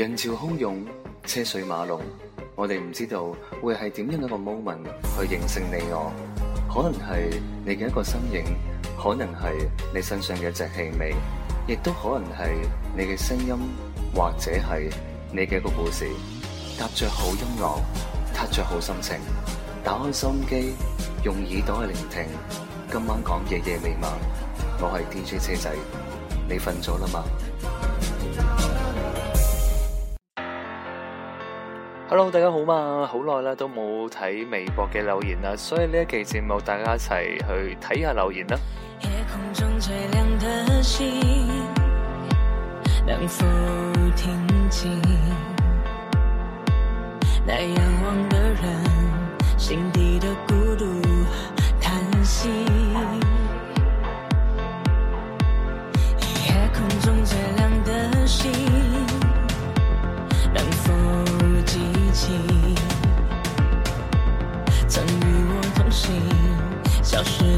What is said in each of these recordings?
人潮洶湧，車水馬龍，我哋唔知道會係點樣一個 moment 去形成你我，可能係你嘅一個身影，可能係你身上嘅一隻氣味，亦都可能係你嘅聲音，或者係你嘅一個故事，搭着好音樂，踏着好心情，打開心機，用耳朵去聆聽，今晚講夜夜未晚，我係 DJ 車仔，你瞓咗啦嘛？Hello，大家好嘛！好耐啦，都冇睇微博嘅留言啦，所以呢一期節目，大家一齊去睇下留言啦。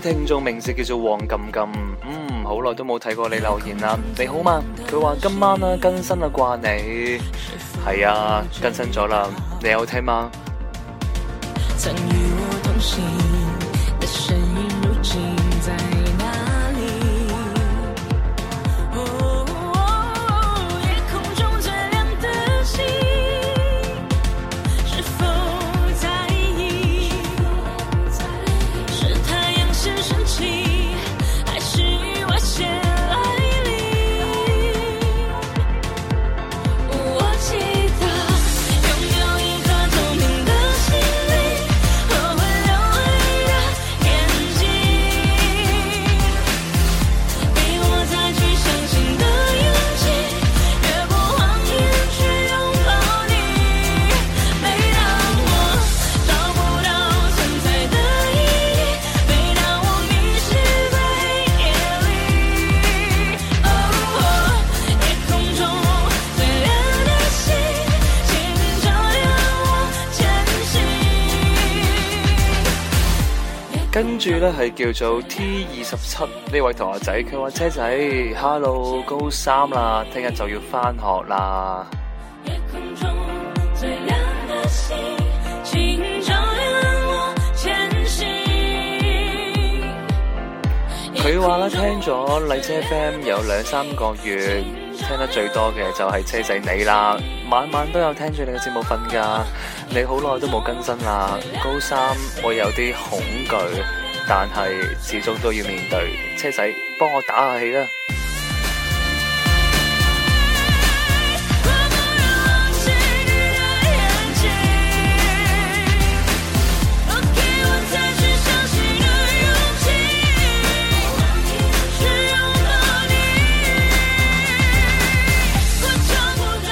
聽眾名字叫做黃錦錦。嗯，好耐都冇睇過你留言啦，你好嗎？佢話今晚啊，更新啦，掛你，係啊，更新咗啦，啊，你有聽嗎？住呢係叫做 T 二十七呢位同學他說仔，佢話車仔，Hello 高三啦，聽日就要返學啦。佢話咧聽咗麗姐 FM 有兩三個月，聽得最多嘅就係車仔你啦，晚晚都有聽住你嘅節目瞓㗎。你好耐都冇更新啦，高三我有啲恐懼。但係始終都要面對，車仔幫我打下氣啦。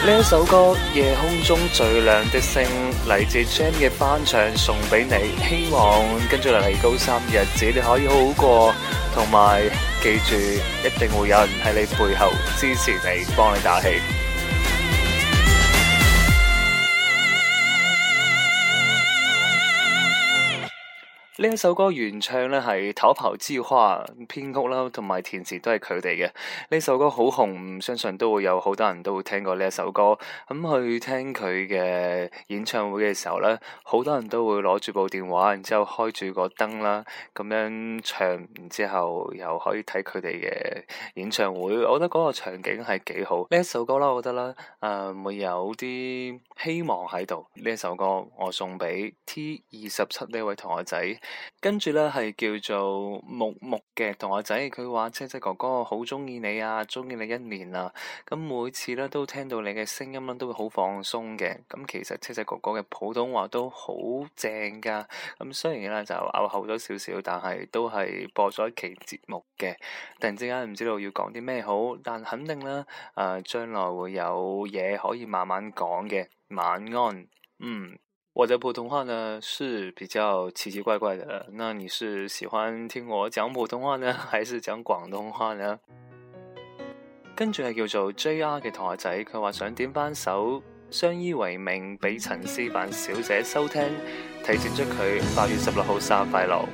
呢首歌《夜空中最亮的星》。嚟自 Jam 嘅翻唱送俾你，希望跟住嚟高三嘅日子你可以好好過，同埋記住一定會有人喺你背後支持你，幫你打氣。呢一首歌原唱咧係《逃跑之花》，編曲啦同埋填詞都係佢哋嘅。呢首歌好紅，相信都會有好多人都會聽過呢一首歌。咁、嗯、去聽佢嘅演唱會嘅時候咧，好多人都會攞住部電話，然之後開住個燈啦，咁樣唱，然之後又可以睇佢哋嘅演唱會。我覺得嗰個場景係幾好。呢一首歌啦，我覺得啦，誒、呃，會有啲希望喺度。呢一首歌我送畀 T 二十七呢位同學仔。跟住呢係叫做木木嘅同學仔，佢話車仔哥哥好鍾意你啊，鍾意你一年啦、啊。咁每次呢都聽到你嘅聲音呢都會好放鬆嘅。咁其實車仔哥哥嘅普通話都好正噶。咁雖然呢就拗後咗少少，但係都係播咗一期節目嘅。突然之間唔知道要講啲咩好，但肯定呢，誒、呃、將來會有嘢可以慢慢講嘅。晚安，嗯。我的普通話呢是比較奇奇怪怪的，那你是喜歡聽我講普通話呢，還是講廣東話呢？跟住係叫做 JR 嘅同學仔，佢話想點翻首《相依為命》畀陳思凡小姐收聽，提前祝佢八月十六號生日快樂。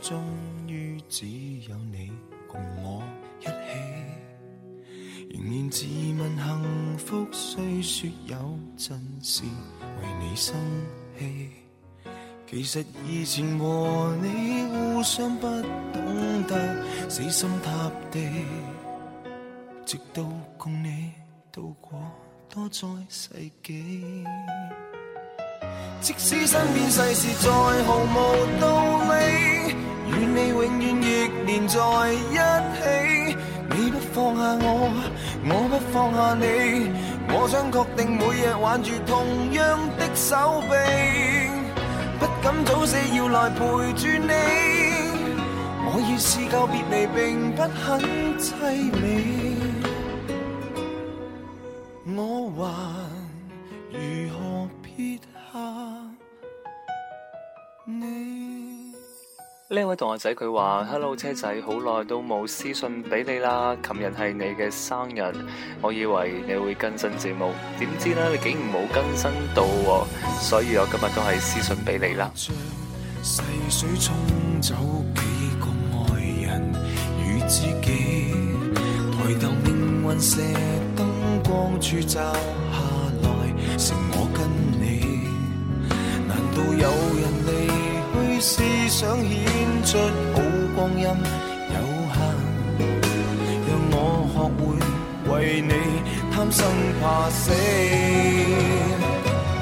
終於只有你共我一起，仍然自問幸福。雖說有陣時為你生氣，其實以前和你互相不懂得死心塌地，直到共你渡過多災世紀。即使身邊世事再毫無道理。願你永遠亦連在一起，你不放下我，我不放下你，我想確定每日挽住同樣的手臂，不敢早死要來陪住你，我已試夠別離，並不很凄美。同學仔佢話，Hello 車仔，好耐都冇私信俾你啦。琴日係你嘅生日，我以為你會更新節目，點知呢？你竟然冇更新到，所以我今日都係私信俾你啦。思想顯出好光陰有限，讓我學會為你貪生怕死。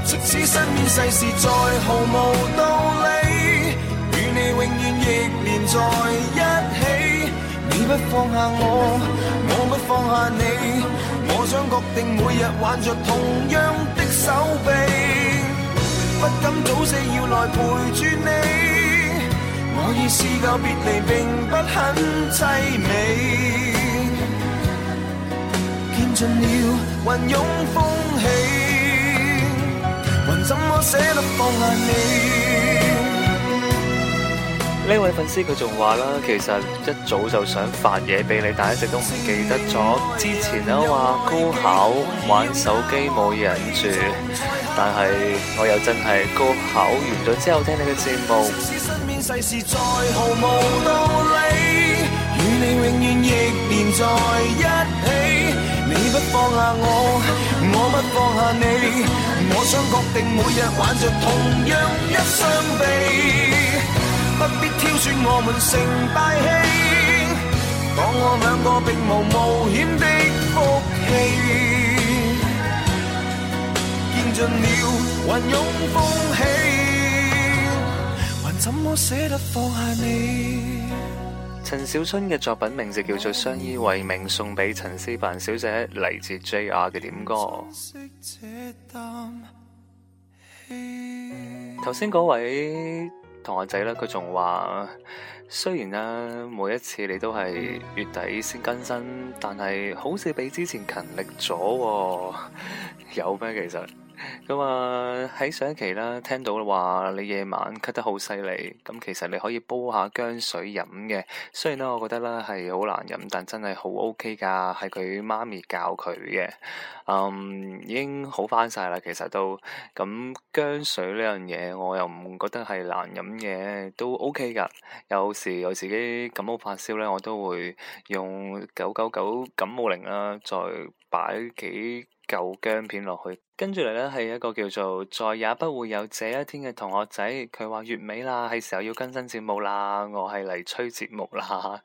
即使身邊世事再毫無道理，與你永遠亦連在一起。你不放下我，我不放下你，我想確定每日挽着同樣的手臂。不敢早死，要來陪住你。我已試夠別離，並不很淒美。見盡了雲湧風起，還怎麼捨得放下你？呢位粉絲佢仲話啦，其實一早就想發嘢俾你，但一直都唔記得咗。之前咧話高考玩手機冇忍住，但係我又真係高考完咗之後聽你嘅節目。不必挑選我們成敗當我兩個並無冒險的福氣，見盡了雲湧風起，還怎麼捨得放下你？陳小春嘅作品名字叫做《相依為命》，送俾陳思凡小姐，嚟自 JR 嘅點歌。頭先嗰位。同學仔咧，佢仲話：雖然咧、啊、每一次你都係月底先更新，但係好似比之前勤力咗喎、啊，有咩其實？咁啊，喺、嗯、上一期啦，聽到話你夜晚咳得好犀利，咁其實你可以煲下薑水飲嘅。雖然咧，我覺得咧係好難飲，但真係好 OK 㗎，係佢媽咪教佢嘅。嗯，已經好返晒啦，其實都咁薑水呢樣嘢，我又唔覺得係難飲嘅，都 OK 㗎。有時我自己感冒發燒咧，我都會用九九九感冒靈啦，再擺幾。舊姜片落去，跟住嚟，咧係一個叫做再也不會有這一天嘅同學仔，佢話月尾啦，係時候要更新節目啦，我係嚟吹節目啦，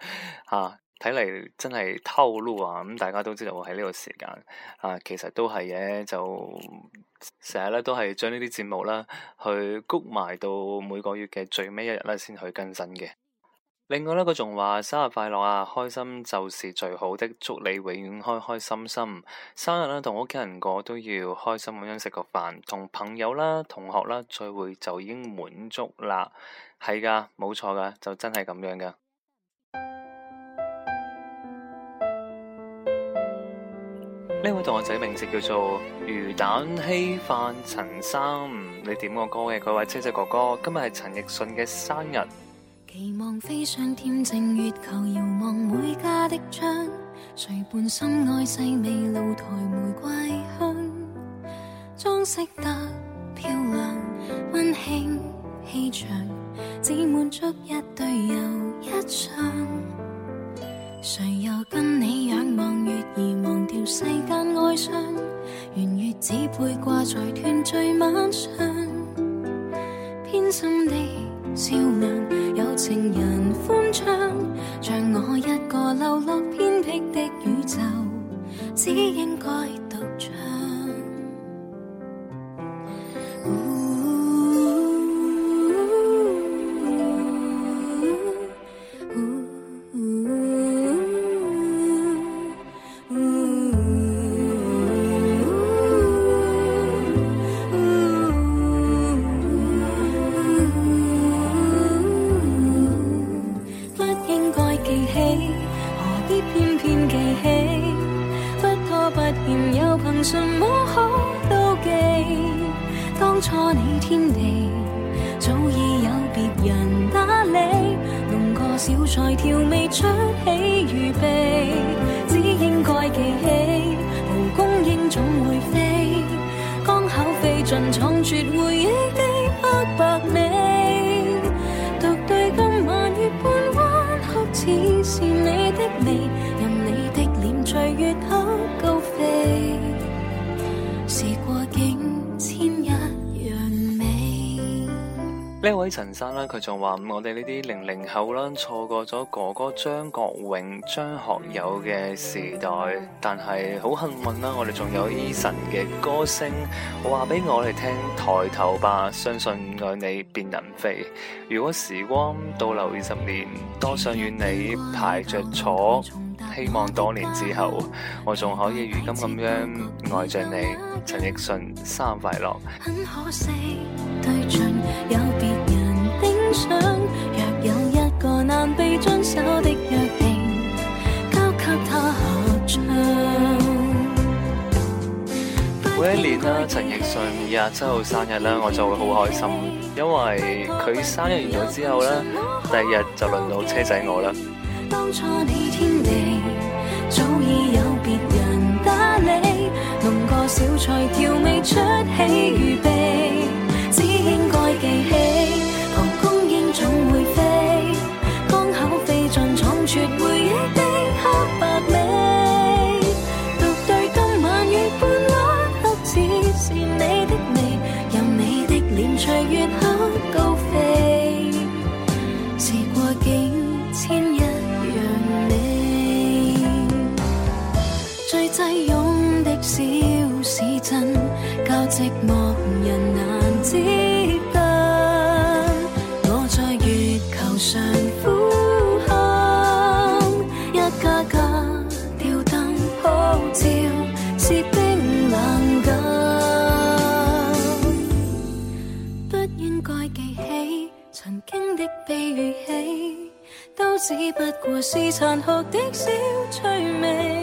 吓，睇嚟真係偷懶啊！咁大家都知道我喺呢個時間啊，其實都係嘅，就成日咧都係將呢啲節目啦去谷埋到每個月嘅最尾一日咧先去更新嘅。另外呢佢仲話生日快樂啊！開心就是最好的，祝你永遠開開心心。生日啦，同屋企人過都要開心咁樣食個飯，同朋友啦，同學啦聚會就已經滿足啦。係噶，冇錯噶，就真係咁樣噶。呢位同學仔名字叫做魚蛋稀飯陳生，你點個歌嘅？佢話，車仔哥哥，今日係陳奕迅嘅生日。期望飛上恬靜月球，遙望每家的窗，誰伴心愛細味露台玫瑰香？裝飾得漂亮，溫馨氣場，只滿足一對又一雙。誰又跟你仰望月兒，忘掉世間哀傷？圓月只配掛在團聚晚上，偏心的照亮。令人歡暢，像我一個流落偏僻的宇宙，只應該獨唱。什麼可妒忌？當初你天地早已有別人打理，弄個小菜調味，出喜與悲，只應該記起。蒲公英總會飛，剛巧飛進藏絕回憶的黑白美，獨對今晚月半彎，恰似是你的眉，任你的臉隨月偷。呢位陳生啦，佢仲話：我哋呢啲零零後啦，錯過咗哥哥張國榮、張學友嘅時代，但係好幸運啦，我哋仲有 Eason 嘅歌聲，話俾我哋聽：抬頭吧，相信愛你變人飛。如果時光倒流二十年，多想與你排着坐。希望多年之後，我仲可以如今咁樣愛着你。陳奕迅，生快樂。每一年啦，陳奕迅二十七號生日呢，我就會好開心，因為佢生日完咗之後呢，第二日就輪到車仔我啦。早已有別人打理，弄個小菜調味，出喜與悲，只應該記起，蒲公英總會飛。擁擠的小市鎮，教寂寞人難接近。我在月球上呼喊，一家家吊燈普照，是冰冷感。不應該記起曾經的悲與喜，都只不過是殘酷的小趣味。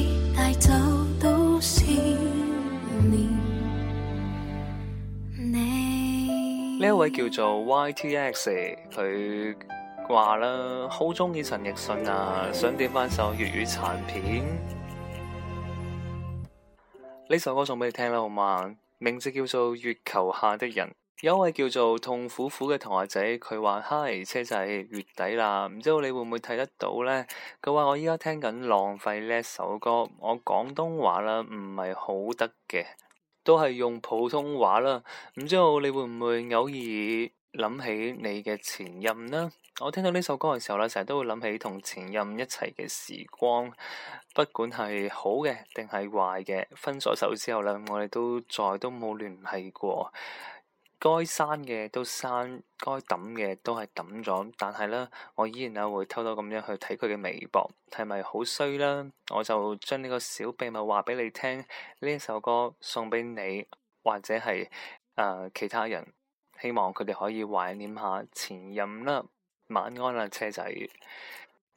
一位叫做 YTX，佢話啦好鍾意陳奕迅啊，想點翻首粵語殘片呢首歌送俾你聽啦，好嘛？名字叫做《月球下的人》。有一位叫做痛苦苦嘅同學仔，佢話：嗨，車仔月底啦，唔知道你會唔會睇得到呢？佢話我依家聽緊浪費呢首歌，我廣東話啦唔係好得嘅。都係用普通話啦，唔知道你會唔會偶爾諗起你嘅前任呢？我聽到呢首歌嘅時候咧，成日都會諗起同前任一齊嘅時光，不管係好嘅定係壞嘅，分咗手之後咧，我哋都再都冇聯繫過。該刪嘅都刪，該抌嘅都係抌咗。但係咧，我依然係會偷偷咁樣去睇佢嘅微博，係咪好衰啦？我就將呢個小秘密話俾你聽，呢一首歌送俾你，或者係誒、呃、其他人，希望佢哋可以懷念下前任啦。晚安啦、啊，車仔。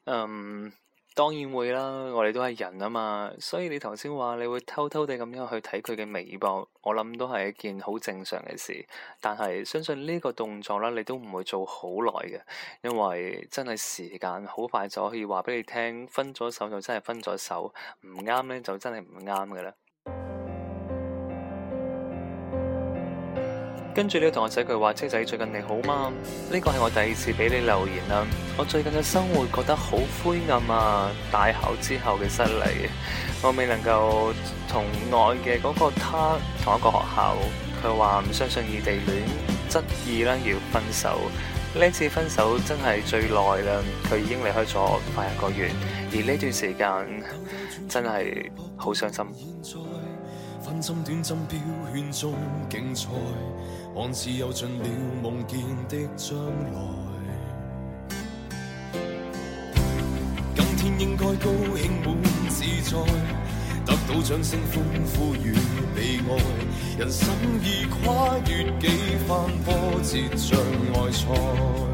嗯。當然會啦，我哋都係人吖嘛，所以你頭先話你會偷偷地咁樣去睇佢嘅微博，我諗都係一件好正常嘅事。但係相信呢個動作啦，你都唔會做好耐嘅，因為真係時間好快就可以話畀你聽，分咗手就真係分咗手，唔啱咧就真係唔啱嘅啦。跟住你同我仔佢話，車仔，最近你好嗎？呢個係我第二次俾你留言啦。我最近嘅生活覺得好灰暗啊！大考之後嘅失利，我未能夠同愛嘅嗰個他同一個學校。佢話唔相信異地戀，執意啦要分手。呢次分手真係最耐啦，佢已經離開咗快一個月，而呢段時間真係好傷心。分針、短針飄旋中競賽，看似又盡了夢見的將來。今天應該高興滿自在，得到掌聲歡呼與被愛，人生已跨越幾番波折愛，障礙賽。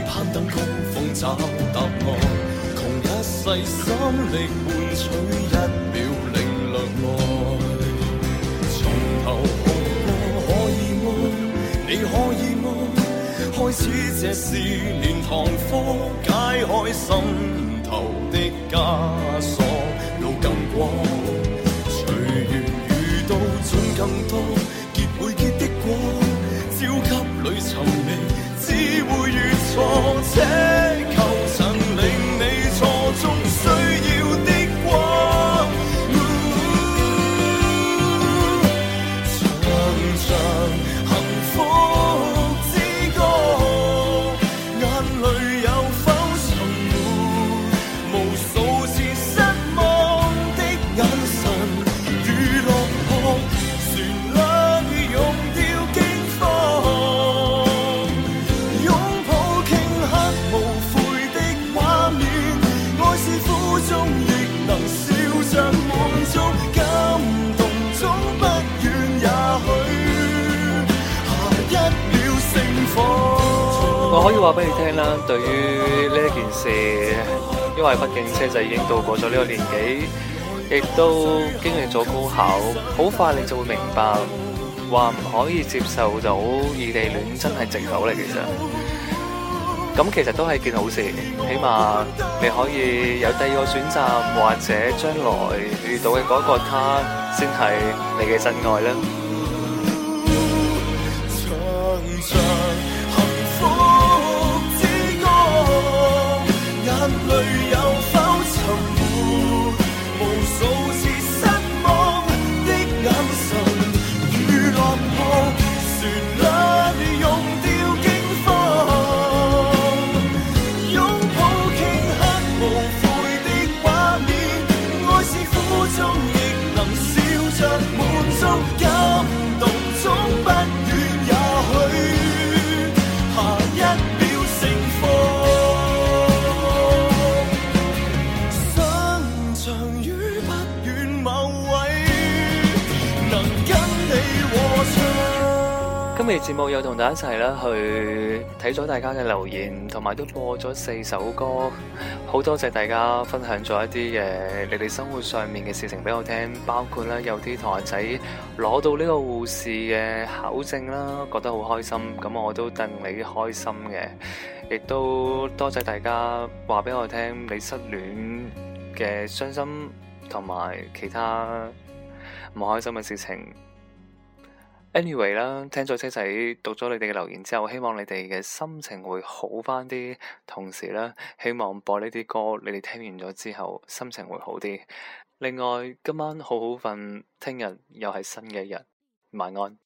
等曲風找答案，窮一世心力換取一秒領略愛，從頭學過，可以嗎？你可以嗎？開始這是連堂課，解開心頭的枷鎖，路更光，隨緣遇到總更多。我可以話俾你聽啦，對於呢一件事，因為畢竟車仔已經度過咗呢個年紀，亦都經歷咗高考，好快你就會明白話唔可以接受到異地戀真係直頭嚟，其實咁其實都係件好事，起碼你可以有第二個選擇，或者將來遇到嘅嗰個他先係你嘅真愛啦。一齊咧，去睇咗大家嘅留言，同埋都播咗四首歌。好多謝大家分享咗一啲嘅你哋生活上面嘅事情俾我聽，包括咧有啲同學仔攞到呢個護士嘅考證啦，覺得好開心。咁我都戥你開心嘅，亦都多謝大家話俾我聽你失戀嘅傷心，同埋其他唔開心嘅事情。Anyway 啦，聽咗車仔讀咗你哋嘅留言之後，希望你哋嘅心情會好翻啲，同時呢，希望播呢啲歌，你哋聽完咗之後心情會好啲。另外，今晚好好瞓，聽日又係新嘅一日，晚安。